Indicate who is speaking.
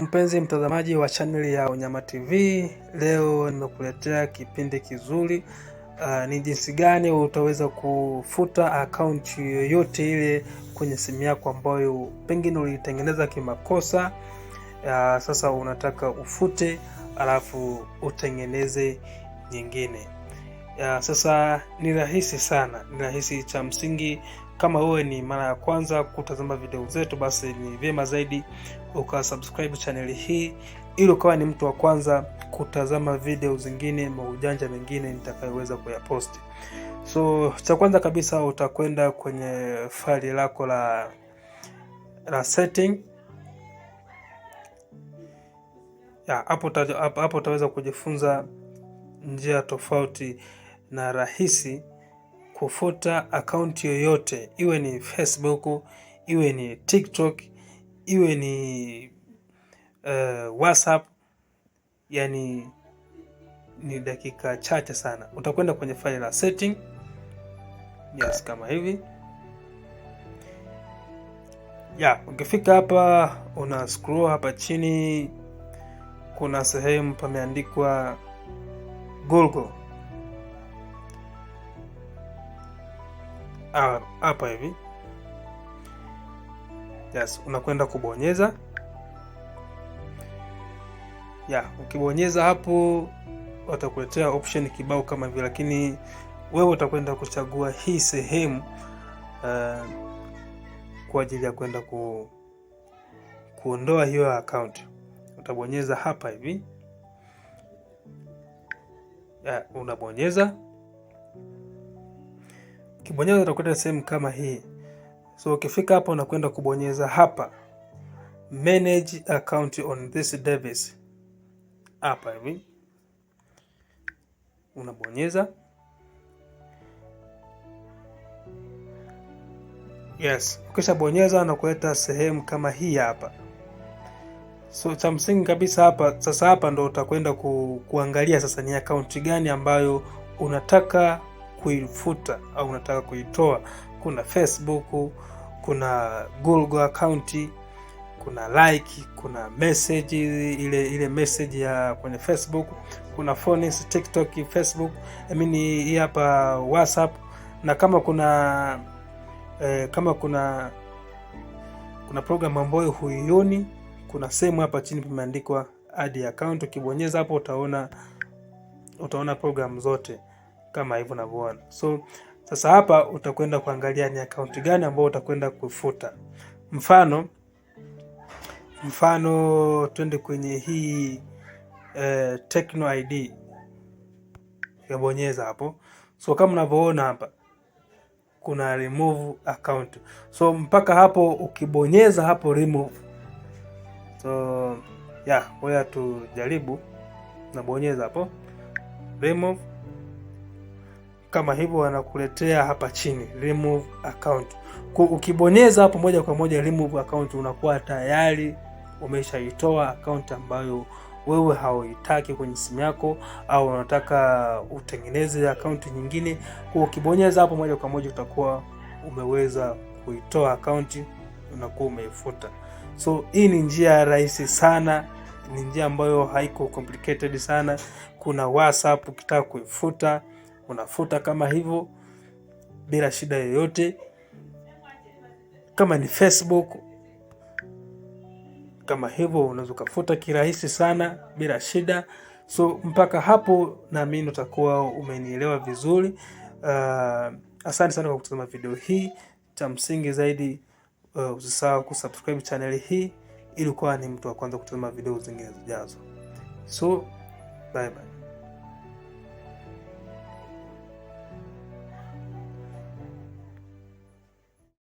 Speaker 1: Mpenzi mtazamaji wa chaneli ya Unyama TV, leo nimekuletea kipindi kizuri. Uh, ni jinsi gani utaweza kufuta akaunti yoyote ile kwenye simu yako ambayo pengine uliitengeneza kimakosa. Uh, sasa unataka ufute alafu utengeneze nyingine ya, sasa ni rahisi sana, ni rahisi. Cha msingi kama wewe ni mara ya kwanza kutazama video zetu, basi ni vyema zaidi ukasubscribe chaneli hii ili ukawa ni mtu wa kwanza kutazama video zingine, maujanja mengine nitakayoweza kuyaposti. So cha kwanza kabisa utakwenda kwenye faili lako la, la setting hapo hapo utaweza kujifunza njia tofauti na rahisi kufuta akaunti yoyote, iwe ni Facebook, iwe ni TikTok, iwe ni uh, WhatsApp. Yani ni dakika chache sana. Utakwenda kwenye faili la setting, yes, kama hivi ya ukifika hapa una scroll hapa chini, kuna sehemu pameandikwa Google. Ah, hapa hivi yes, unakwenda kubonyeza ya ukibonyeza hapo watakuletea option kibao kama hivi, lakini wewe utakwenda kuchagua hii sehemu uh, kwa ajili ya kwenda ku, kuondoa hiyo account. Utabonyeza hapa hivi yeah, unabonyeza Ukibonyeza utakuta sehemu kama hii. So ukifika hapa unakwenda kubonyeza hapa manage account on this device. Hapa hivi unabonyeza yes. Ukishabonyeza na kuleta sehemu kama hii hapa. So cha msingi kabisa hapa sasa, hapa ndo utakwenda ku, kuangalia sasa ni akaunti gani ambayo unataka kuifuta au unataka kuitoa, kuna Facebook, kuna Google account, kuna like, kuna message ile ile message ya kwenye Facebook, kuna phones, TikTok, Facebook, I mean hii hapa WhatsApp, na kama kuna eh, kama kuna kuna program ambayo huioni, kuna sehemu hapa chini pameandikwa add account. Ukibonyeza hapo utaona utaona program zote kama hivyo unavyoona. So sasa hapa utakwenda kuangalia ni akaunti gani ambayo utakwenda kufuta. Mfano mfano twende kwenye hii eh, Tecno ID yabonyeza hapo. So kama unavyoona hapa kuna remove account, so mpaka hapo ukibonyeza hapo remove. So yeah, wewe tujaribu, nabonyeza hapo remove kama hivyo wanakuletea hapa chini remove account. Kwa ukibonyeza hapo moja kwa moja remove account, unakuwa tayari umeshaitoa account ambayo wewe hauitaki kwenye simu yako, au unataka utengeneze account nyingine. Kwa ukibonyeza hapo moja kwa moja utakuwa umeweza kuitoa account, unakuwa umeifuta. So hii ni njia rahisi sana, ni njia ambayo haiko complicated sana. Kuna WhatsApp ukitaka kuifuta unafuta kama hivyo bila shida yoyote, kama ni Facebook kama hivyo unaweza ukafuta kirahisi sana bila shida. So mpaka hapo naamini utakuwa umenielewa vizuri. Uh, asante sana kwa kutazama video hii. Cha msingi zaidi uh, usisahau kusubscribe channel hii ili ukawa ni mtu wa kwanza kutazama video zingine zijazo. So bye bye.